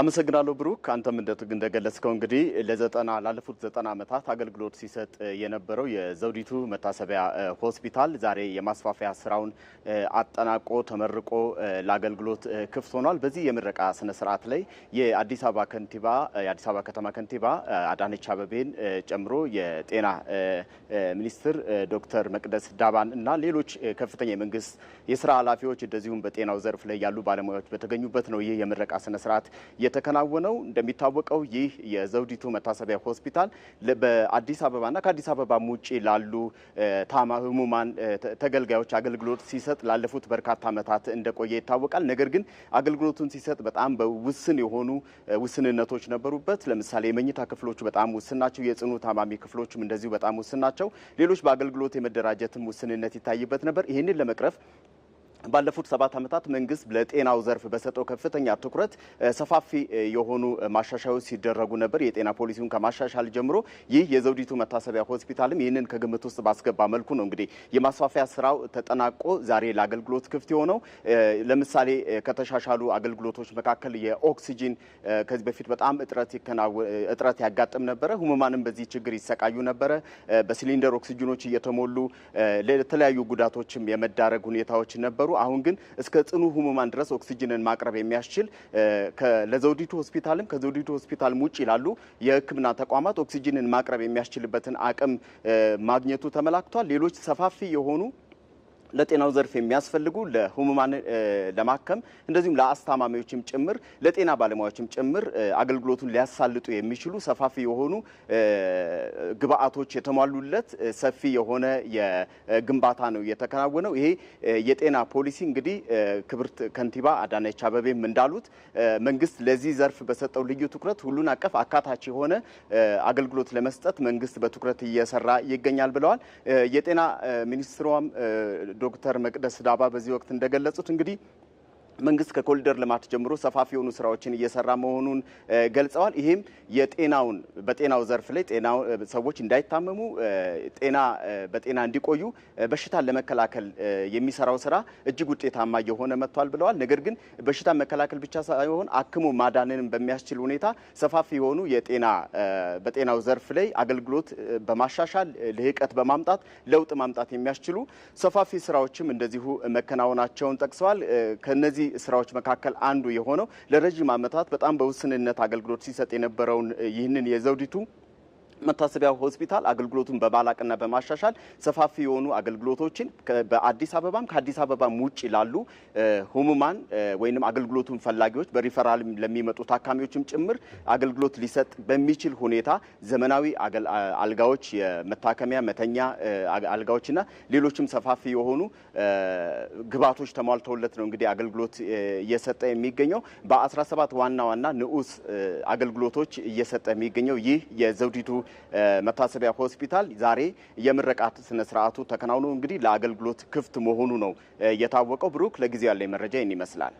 አመሰግናለሁ ብሩክ። አንተም እንደገለጽከው እንግዲህ ለዘጠና ላለፉት ዘጠና ዓመታት አገልግሎት ሲሰጥ የነበረው የዘውዲቱ መታሰቢያ ሆስፒታል ዛሬ የማስፋፊያ ስራውን አጠናቆ ተመርቆ ለአገልግሎት ክፍት ሆኗል። በዚህ የምረቃ ስነ ስርዓት ላይ የአዲስ አበባ ከንቲባ የአዲስ አበባ ከተማ ከንቲባ አዳነች አበቤን ጨምሮ የጤና ሚኒስትር ዶክተር መቅደስ ዳባን እና ሌሎች ከፍተኛ የመንግስት የስራ ኃላፊዎች እንደዚሁም በጤናው ዘርፍ ላይ ያሉ ባለሙያዎች በተገኙበት ነው ይህ የምረቃ ስነ ስርዓት የተከናወነው። እንደሚታወቀው ይህ የዘውዲቱ መታሰቢያ ሆስፒታል በአዲስ አበባና ከአዲስ አበባ ውጭ ላሉ ታማ ህሙማን ተገልጋዮች አገልግሎት ሲሰጥ ላለፉት በርካታ ዓመታት እንደቆየ ይታወቃል። ነገር ግን አገልግሎቱን ሲሰጥ በጣም በውስን የሆኑ ውስንነቶች ነበሩበት። ለምሳሌ የመኝታ ክፍሎቹ በጣም ውስን ናቸው። የጽኑ ታማሚ ክፍሎችም እንደዚሁ በጣም ውስን ናቸው። ሌሎች በአገልግሎት የመደራጀትም ውስንነት ይታይበት ነበር። ይህንን ለመቅረፍ ባለፉት ሰባት ዓመታት መንግስት ለጤናው ዘርፍ በሰጠው ከፍተኛ ትኩረት ሰፋፊ የሆኑ ማሻሻዮች ሲደረጉ ነበር። የጤና ፖሊሲውን ከማሻሻል ጀምሮ ይህ የዘውዲቱ መታሰቢያ ሆስፒታልም ይህንን ከግምት ውስጥ ባስገባ መልኩ ነው እንግዲህ የማስፋፊያ ስራው ተጠናቆ ዛሬ ለአገልግሎት ክፍት የሆነው። ለምሳሌ ከተሻሻሉ አገልግሎቶች መካከል የኦክሲጂን ከዚህ በፊት በጣም እጥረት ያጋጥም ነበረ። ህሙማንም በዚህ ችግር ይሰቃዩ ነበረ። በሲሊንደር ኦክሲጂኖች እየተሞሉ ለተለያዩ ጉዳቶችም የመዳረግ ሁኔታዎች ነበሩ። ነበሩ። አሁን ግን እስከ ጽኑ ህሙማን ድረስ ኦክሲጅንን ማቅረብ የሚያስችል ለዘውዲቱ ሆስፒታልም ከዘውዲቱ ሆስፒታልም ውጭ ይላሉ የህክምና ተቋማት ኦክሲጅንን ማቅረብ የሚያስችልበትን አቅም ማግኘቱ ተመላክቷል። ሌሎች ሰፋፊ የሆኑ ለጤናው ዘርፍ የሚያስፈልጉ ለህሙማን ለማከም እንደዚሁም ለአስታማሚዎችም ጭምር ለጤና ባለሙያዎችም ጭምር አገልግሎቱን ሊያሳልጡ የሚችሉ ሰፋፊ የሆኑ ግብአቶች የተሟሉለት ሰፊ የሆነ የግንባታ ነው የተከናወነው። ይሄ የጤና ፖሊሲ እንግዲህ ክብርት ከንቲባ አዳነች አበቤም እንዳሉት መንግስት ለዚህ ዘርፍ በሰጠው ልዩ ትኩረት ሁሉን አቀፍ አካታች የሆነ አገልግሎት ለመስጠት መንግስት በትኩረት እየሰራ ይገኛል ብለዋል። የጤና ሚኒስትሯም ዶክተር መቅደስ ዳባ በዚህ ወቅት እንደገለጹት እንግዲህ መንግስት ከኮሪደር ልማት ጀምሮ ሰፋፊ የሆኑ ስራዎችን እየሰራ መሆኑን ገልጸዋል። ይህም የጤናውን በጤናው ዘርፍ ላይ ሰዎች እንዳይታመሙ ጤና በጤና እንዲቆዩ በሽታን ለመከላከል የሚሰራው ስራ እጅግ ውጤታማ እየሆነ መጥቷል ብለዋል። ነገር ግን በሽታን መከላከል ብቻ ሳይሆን አክሞ ማዳንንም በሚያስችል ሁኔታ ሰፋፊ የሆኑ የጤና በጤናው ዘርፍ ላይ አገልግሎት በማሻሻል ልህቀት በማምጣት ለውጥ ማምጣት የሚያስችሉ ሰፋፊ ስራዎችም እንደዚሁ መከናወናቸውን ጠቅሰዋል። ከነዚህ ስራዎች መካከል አንዱ የሆነው ለረዥም ዓመታት በጣም በውስንነት አገልግሎት ሲሰጥ የነበረውን ይህንን የዘውዲቱ መታሰቢያ ሆስፒታል አገልግሎቱን በማላቅና በማሻሻል ሰፋፊ የሆኑ አገልግሎቶችን በአዲስ አበባም ከአዲስ አበባም ውጭ ላሉ ህሙማን ወይም አገልግሎቱን ፈላጊዎች በሪፈራል ለሚመጡ ታካሚዎችም ጭምር አገልግሎት ሊሰጥ በሚችል ሁኔታ ዘመናዊ አልጋዎች፣ የመታከሚያ መተኛ አልጋዎችና ሌሎችም ሰፋፊ የሆኑ ግብዓቶች ተሟልተውለት ነው እንግዲህ አገልግሎት እየሰጠ የሚገኘው በ17 ዋና ዋና ንዑስ አገልግሎቶች እየሰጠ የሚገኘው ይህ የዘውዲቱ መታሰቢያ ሆስፒታል ዛሬ የምረቃት ስነ ስርዓቱ ተከናውኖ እንግዲህ ለአገልግሎት ክፍት መሆኑ ነው የታወቀው። ብሩክ፣ ለጊዜው ያለኝ መረጃ ይህን ይመስላል።